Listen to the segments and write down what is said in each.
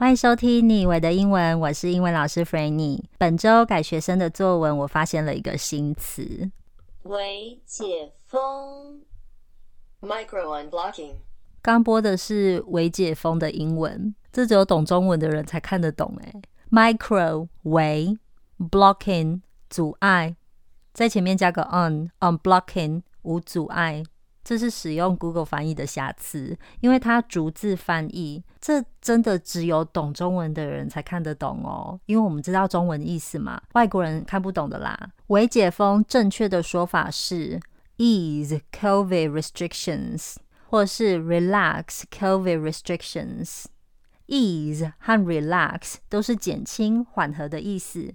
歡迎收聽《你以為的英文》，我是英文老師 Frannie。本周改學生的作文，我發現了一個新詞“微解封 ”（micro unblocking）。剛播的是“微解封”的英文，這只有懂中文的人才看得懂哎。micro 微 blocking 阻礙，在前面加個 on unblocking 無阻礙。這是使用 Google 翻譯的瑕疵，因為它逐字翻譯，這真的只有懂中文的人才看得懂哦。因為我們知道中文意思嘛，外國人看不懂的啦。微解封正確的說法是 ease COVID restrictions 或是 relax COVID restrictions。ease 和 relax 都是減輕、緩和的意思。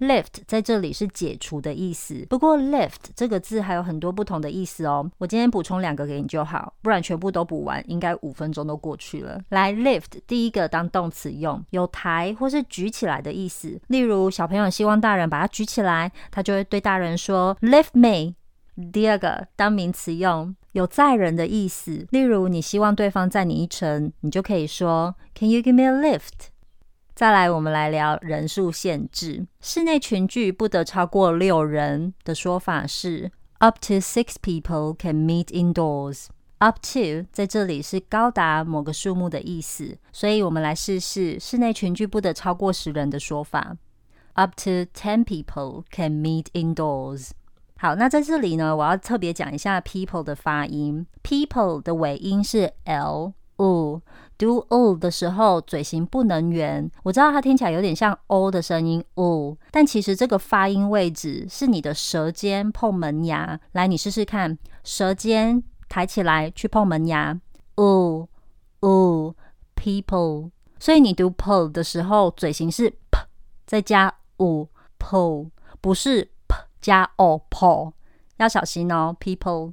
Lift 在這裡是解除的意思。不過，lift 這個字還有很多不同的意思哦。我今天補充兩個給你就好，不然全部都補完，應該五分鐘都過去了。來，lift 第一個當動詞用，有抬或是舉起來的意思。例如小朋友希望大人把它舉起來，他就會對大人說，Lift me。第二個當名詞用，有載人的意思。例如你希望對方載你一程，你就可以說，Can you give me a lift？再來，我們來聊人數限制。室內群聚不得超過六人的說法是，up to six people can meet indoors。up to 在這裡是高達某個數目的意思。所以，我們來試試室內群聚不得超過十人的說法，up to ten people can meet indoors。好，那在這裡呢，我要特別講一下 people 的發音。people 的尾音是 L。哦，讀 O 的時候，嘴型不能圓。我知道它聽起來有點像 O 的聲音，哦、uh，但其實這個發音位置是你的舌尖碰門牙。來，你試試看，舌尖抬起來去碰門牙。哦哦 People。所以你讀 Pull 的時候，嘴型是 P 再加哦 Pull，不是 P 加哦 Pull。要小心哦，People。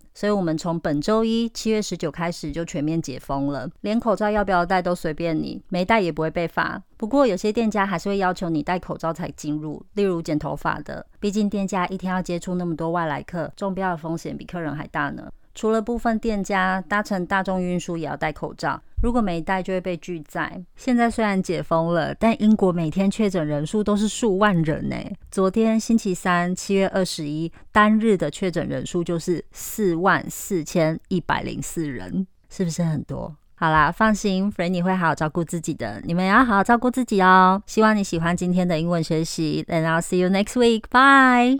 所以我們從本周一七月十九開始就全面解封了，連口罩要不要戴都隨便你，沒戴也不會被罰。不過有些店家還是會要求你戴口罩才進入，例如剪頭髮的，畢竟店家一天要接觸那麼多外來客，中標的風險比客人還大呢。除了部分店家，搭乘大眾運輸也要戴口罩。如果沒戴，就會被拒載。現在雖然解封了，但英國每天確診人數都是數萬人呢、欸。昨天星期三，七月二十一，單日的確診人數就是四萬四千一百零四人，是不是很多？好啦，放心 Frannie 會好好照顧自己的，你們也要好好照顧自己哦、喔。希望你喜歡今天的英文學習，And I'll see you next week. Bye.